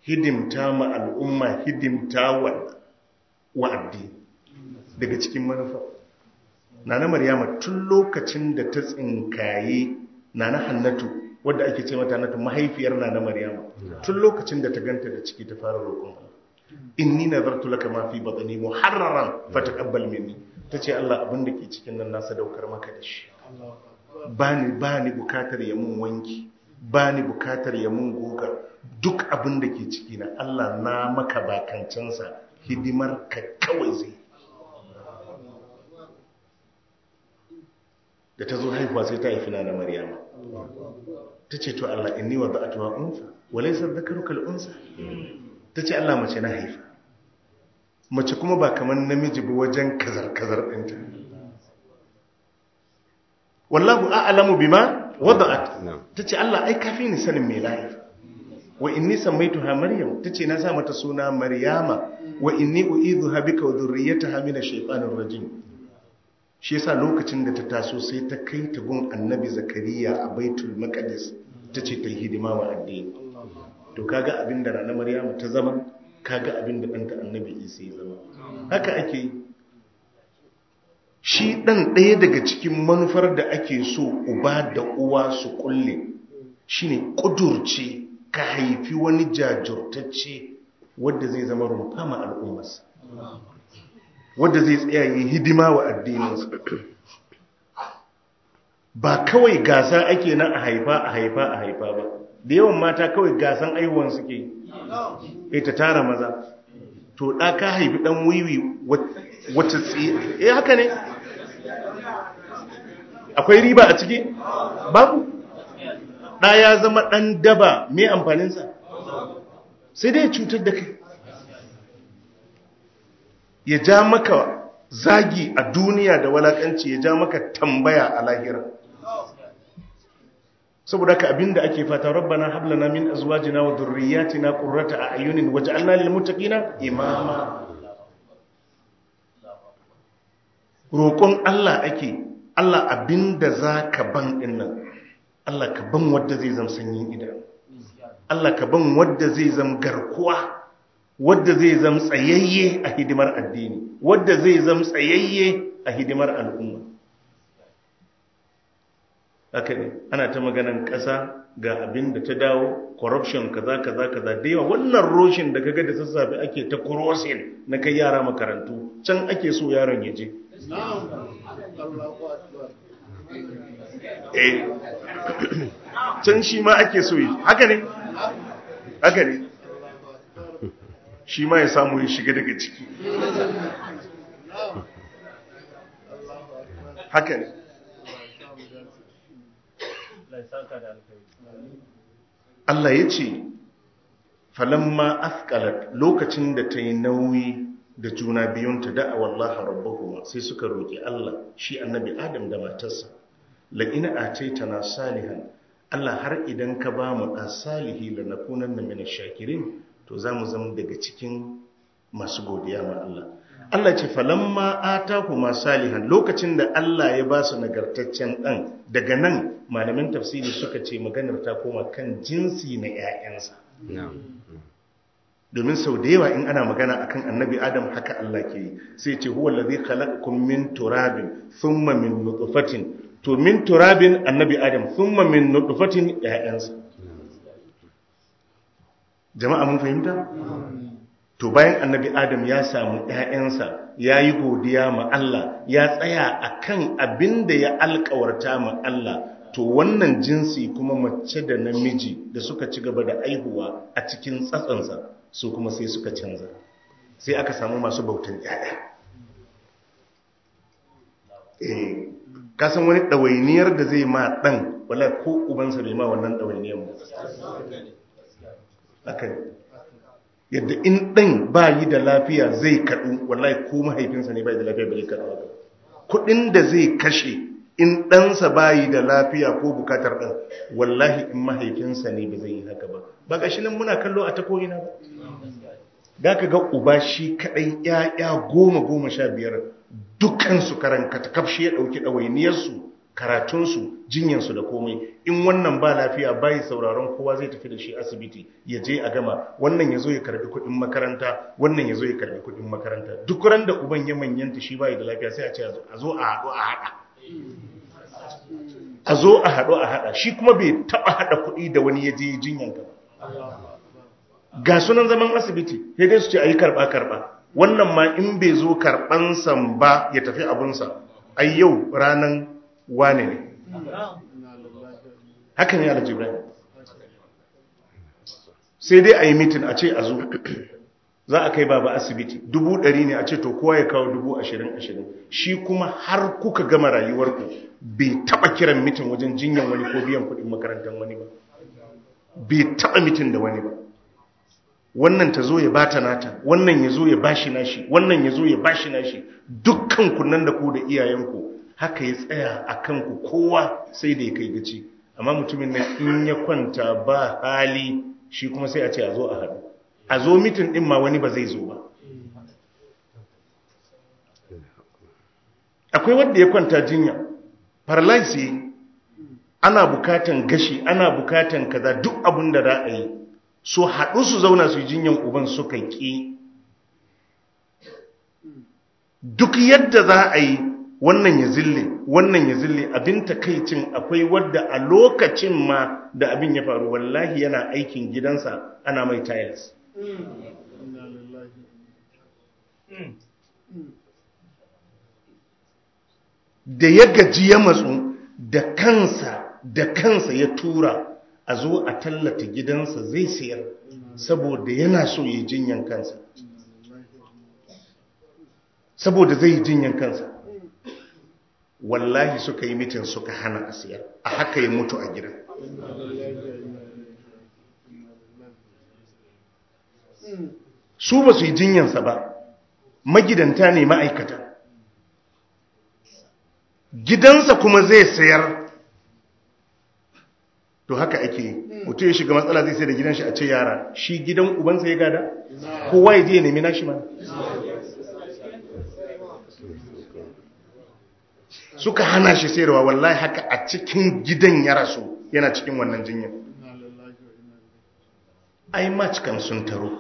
hidimta ma al'umma hidimta wa addini daga cikin manufa nana maryama tun lokacin da ta tsinkaye nana hannatu wadda ake ce mata hannatu mahaifiyar nana maryama tun lokacin da ta ganta da ciki ta fara roƙon inni nazartu laka ma fi batni muharraran taqabbal minni tace Allah abin da ke cikin nan nasa daukar maka da shi bani bani bukatar ya mun wanki bani bukatar ya mun goga duk abin da ke ciki na Allah na maka bakancansa hidimar ka kawai zai da ta zo haihuwa sai ta haifi na Maryama ta ce to Allah inni wa unsa walaysa dhakaruka al-unsa ta ce Allah mace na haifa mace kuma ba kamar namiji ba wajen kazar-kazar ɗinta wallahu a'lamu bima wada'at ta ce Allah ai kafi ni sanin mai layi. wa inni ha maryam ta ce na sa mata suna maryama wa inni u'idhuha bika wa dhurriyyataha min ash-shaytanir rajim shi yasa lokacin da ta taso sai ta kai ta gun annabi zakariya a baitul maqdis ta ce ta hidima wa addini to kaga abin da rana maryamu ta zama kaga abin da ɗanta annabi isa ya zama haka ake yi shi ɗan ɗaya daga cikin manufar da ake so uba da uwa su kulle ne ƙudurce ka haifi wani jajurtacce wadda zai zama rumfa ma al'ummas, wadda zai tsaya yi hidima wa addininsa ba kawai gasa ake na a haifa a haifa a haifa ba da yawan mata kawai gasan aiwuwan suke e ta tara maza to ɗa ka haifi ɗan wiwi wata tsiye e eh, haka ne akwai riba a ciki babu ɗa ya zama ɗan daba mai amfaninsa sai dai cutar da kai ya ja maka zagi a duniya da walakanci ya ja maka tambaya a lahira saboda ka abinda ake fata rabbana hablana min azwajina wa dhurriyyatina qurrata a'yunin waj'alna lil muttaqina imama roƙon Allah ake Allah abinda zaka ban din nan Allah ka ban wanda zai zama sanyi idan Allah ka ban wanda zai zama garkuwa wanda zai zama tsayayye a hidimar addini wanda zai zama tsayayye a hidimar al'umma haka ne ana ta maganan ƙasa ga abin da ta dawo corruption kaza kaza kaza da yawa wannan roshin da kaga da sassafe ake ta crossing na kai yara makarantu can ake so yaron ya je eh can shi ma ake so yi haka ne haka ne shi ma ya samu ya shiga daga ciki haka ne Allah ya ce falamma afkalat lokacin da ta yi nauyi da juna biyun ta da'a wallaha rabbuhuma sai suka roƙi Allah shi annabi Adam da matarsa la ina tana salihan Allah har idan ka ba mu da salihi da minash shakirin to za mu zama daga cikin masu godiya ma Allah Allah ce falamma kuma salihan lokacin da Allah ya ba su nagartaccen ɗan, daga nan malamin tafsiri suka ce maganar ta koma kan jinsi na 'ya'yansa. domin sau da yawa in ana magana akan annabi adam haka Allah ke yi sai ce huwa lazi khalaqakum min turabin thumma min nutfatin to min turabin annabi adam thumma min nutfatin 'ya'yansa. jama'a mun fahimta to bayan annabi adam ya samu ‘ya'yansa ya yi godiya ma Allah ya tsaya a kan abin da ya alkawarta ma Allah to wannan jinsi kuma mace da namiji da suka ci gaba da aihuwa a cikin tsatsansa su kuma sai suka canza sai aka samu masu bautan ‘ya'ya eh, kasan wani ɗawainiyar da zai ma ɗan wala ko ubansa bai ma wannan ɗawainiyar mu. yadda in ɗan ba yi da lafiya zai kaɗu wallahi ko mahaifinsa ne ba yi da lafiya ba zai kaɗu kuɗin da zai kashe in ɗansa ba yi da lafiya ko bukatar ɗan wallahi in mahaifinsa ne ba zai yi haka ba ba ga shi nan muna kallo a ta ba da ka ga uba shi kaɗai ‘ya'ya goma goma sha biyar dukansu karan katakaf shi ya ɗauki ɗawainiyarsu karatunsu jinyansu da komai in wannan ba lafiya bayi sauraron kowa zai tafi da shi asibiti ya je a gama wannan ya zo ya karbi kuɗin makaranta wannan ya zo ya karbi kuɗin makaranta duk ran da uban ya manyanta shi bayi da lafiya sai a ce a zo a haɗu a haɗa a zo a haɗu a haɗa shi kuma bai taɓa haɗa kuɗi da wani ya je jinyan ka ga sunan zaman asibiti ya dai su ce a yi karɓa karɓa wannan ma in bai zo karɓansa ba ya tafi abunsa ai yau ranan wane ne haka ne alhaji sai dai a yi mitin a ce a zo za a kai baba asibiti dubu ɗari ne a ce to kowa ya kawo dubu ashirin ashirin shi kuma har kuka gama rayuwarku bai taɓa kiran mitin wajen jinyan wani ko biyan kuɗin makarantar wani ba bai taɓa mitin da wani ba wannan ta zo ya bata nata wannan ya zo ya bashi nashi wannan ya zo ya bashi nashi dukkan kunnan da ku da iyayenku haka ya tsaya a kanku kowa sai da ya kai gaci amma mutumin nan in ya kwanta ba hali shi kuma sai a ce a zo a haɗu a zo mitin ɗin ma wani ba zai zo ba akwai wanda ya kwanta jinya paralyze ana bukatan gashi ana bukatan kaza duk abin da za a yi so haɗu su zauna su yi jinyan uban suka ƙi duk yadda za a yi wannan ya zille wannan ya zille abin takaicin akwai wadda a lokacin ma da abin ya faru wallahi yana aikin gidansa ana mai tiles da ya gaji ya matsu da kansa da kansa ya tura a zo a tallata gidansa zai siyar saboda yana so ya jinyan kansa saboda zai jinyan kansa wallahi suka yi mitin suka hana a siya, a haka yi mutu a gidan su ba su yi jinyansa ba magidanta ne ma'aikata gidansa kuma zai sayar to haka ake mutu ya shiga matsala zai sai da gidan shi a ce yara shi gidan ubansa ya gada kowa ya je ya nemi nashi ma suka hana shi sayarwa wallahi haka a cikin gidan ya rasu yana cikin wannan jinya ai match sun taro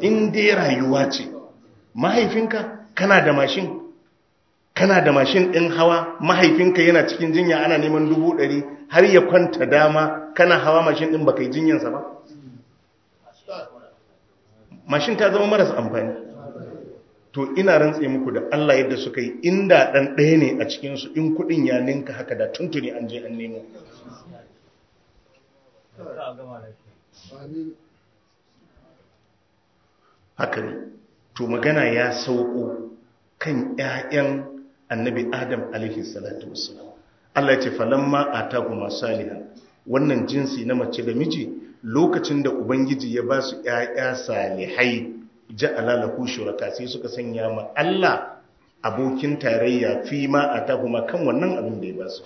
in dai rayuwa ce mahaifinka kana da mashin kana da mashin ɗin hawa mahaifinka yana cikin jinya ana neman dubu ɗari har ya kwanta dama kana hawa mashin ɗin baka yi jinyansa ba mashin ta zama maras amfani to ina rantse muku da Allah yadda suka yi inda dan ɗaya ne a cikinsu in kuɗin ya ninka haka da tuntuni an je an nemo haka ne to magana ya sauko kan 'ya'yan annabi adam alaihi salatu wasalam Allah ya ce falamma atahuma salihan wannan jinsi na mace da miji lokacin da ubangiji ya ba su 'ya'ya salihai Ja'ala ji alalaku shuraka sai suka sanya ma Allah abokin tarayya fi ma a tahuma kan wannan abin da ya ba su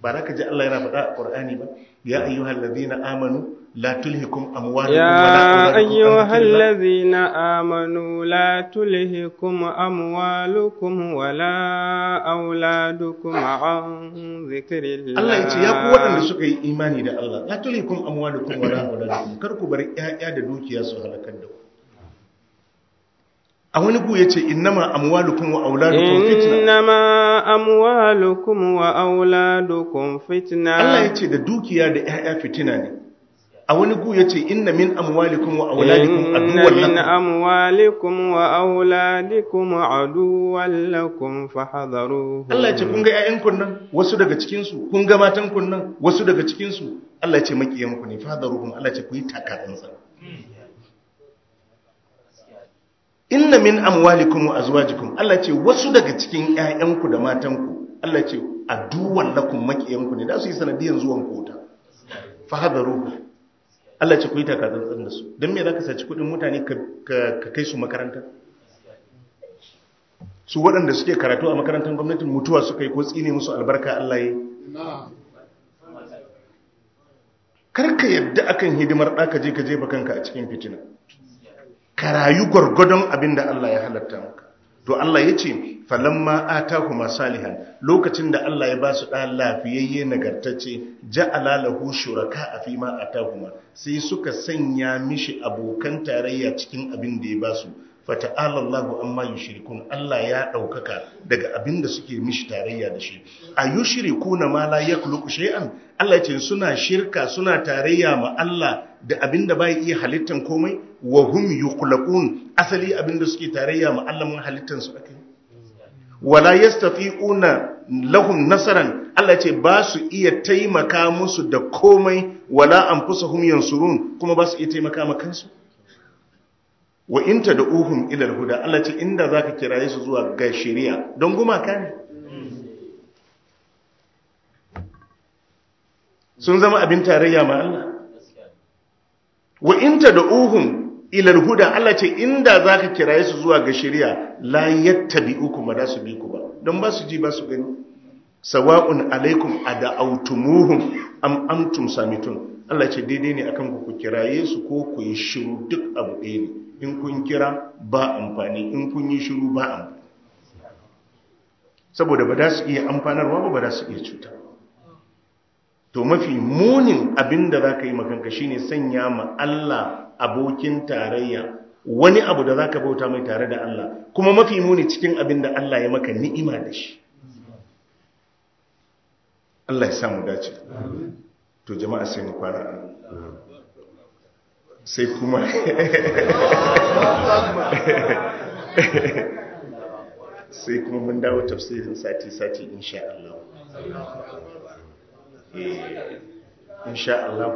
ba za ka ji Allah yana faɗa a ƙwar'ani ba ya ayyu hallazi na amanu la tulhikum amwalukum ya ayyu hallazi na amanu la tulhikum amwalukum wala auladukum an zikrillah Allah ya ce ya ku waɗanda suka yi imani da Allah la tulhikum amwalukum wala auladukum kar ku bar ƴaƴa da dukiya su halakar da ku a wani gu yace innama amwalukum wa auladukum fitna innama amwalukum wa auladukum fitna Allah yace da dukiya da ƴaƴa fitina ne a wani gu ce inna min amwalikum wa auladikum aduwwan lakum min amwalikum wa auladikum aduwwan lakum fahdharuhu Allah yace kun ga ƴaƴan kun nan wasu daga cikin su kun ga matan kun nan wasu daga cikin su Allah yace makiyan ku ne fahdharuhum Allah yace ku yi takatsantsan inna min amwalikum wa azwajikum Allah ce wasu daga cikin ƴaƴanku da matanku Allah ce aduwan lakum makiyanku ne da su yi sanadiyan zuwan kota fa hadaru Allah ce ku yi takazantsan da su dan me zaka saci kudin mutane ka kai su makaranta su waɗanda suke karatu a makarantar gwamnatin mutuwa suka yi ko tsine musu albarka Allah yi karka yadda akan hidimar ɗaka je ka jefa kanka a cikin fitina ka rayu gwargwadon abin da Allah ya halatta maka to Allah ya ce falamma atahuma salihan lokacin da Allah ya ba su ɗan lafiyayye nagartacce ja'ala lahu shuraka a fi ma atahuma sai suka sanya mishi abokan tarayya cikin abin da ya ba su fata amma yushrikun Allah ya ɗaukaka daga abin da suke mishi tarayya da shi a yushrikuna ma la yakhluqu shay'an Allah ya ce suna shirka suna tarayya ma Allah da abin da bai iya halittan komai wa hum yuqlaqun asali abin da suke tarayya ma Allah mun halittan su akai wala yastafiquna lahum nasaran Allah ce ba su iya taimaka musu da komai wala anfusuhum yansurun kuma ba su iya taimaka ma kansu wa in tad'uhum ila al-huda Allah ce inda zaka kiraye su zuwa ga shari'a don gumaka ne sun zama abin tarayya ma Allah wa in tad'uhum ilal huda Allah ce inda zaka kiraye su zuwa ga shari'a la uku ba da su bi ku ba don ba su ji ba su gani sawa'un alaikum ada'autumuhum am antum samitun Allah ce daidai ne akan ku kiraye su ko ku yi shiru duk abu ɗaya ne in kun kira ba amfani in kun yi shiru ba amfani saboda ba da su iya amfanarwa ba ba da su iya cuta to mafi munin abin da za ka yi makanka shine sanya ma Allah abokin tarayya wani abu da za ka bauta mai tare da Allah kuma mafi muni cikin abin da Allah ya maka ni'ima da shi Allah ya samu dace to jama'a sai mu fara sai kuma sai kuma mun dawo tafsirin sati-sati insha Allah eh, insha Allah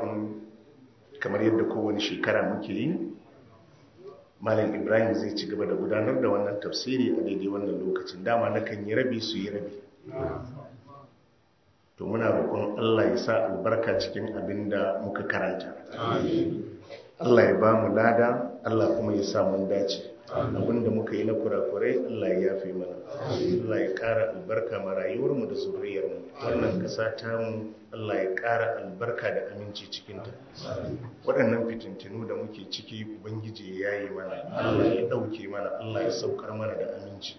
kamar yadda kowane shekara muke yi malam ibrahim zai ci gaba da gudanar da wannan tafsiri a daidai wannan lokacin dama na kan yi rabi su yi rabi to muna roƙon allah ya sa albarka cikin abin da muka karanta allah ya ba mu lada allah kuma ya sa mun dace da muka yi na kurakurai Allah ya fi mana Allah ya ƙara albarka ma rayuwarmu da zuriyarmu wannan ƙasa ta mu Allah ya ƙara albarka da aminci cikinta waɗannan fitintinu da muke ciki ubangiji ya yi mana Allah ya ɗauke mana Allah ya saukar mana da aminci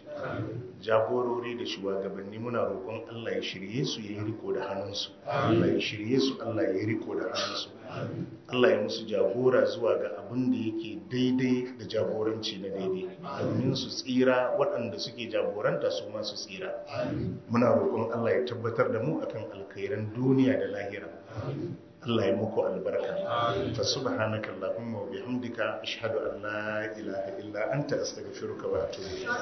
jagorori da shugabanni muna roƙon Allah ya shirye su ya yi riko da hannunsu Allah ya shirye su Allah ya yi riko da hannunsu Allah ya musu jagora zuwa ga abin da yake daidai da jagoranci na daidai domin su tsira waɗanda suke jagoranta su ma su tsira muna roƙon Allah ya tabbatar da mu akan Allah alkhairan duniya da lahira Allah ya muku albarka fa subhanaka allahumma wa bihamdika ashhadu an la ilaha illa anta astaghfiruka wa atubu ilayk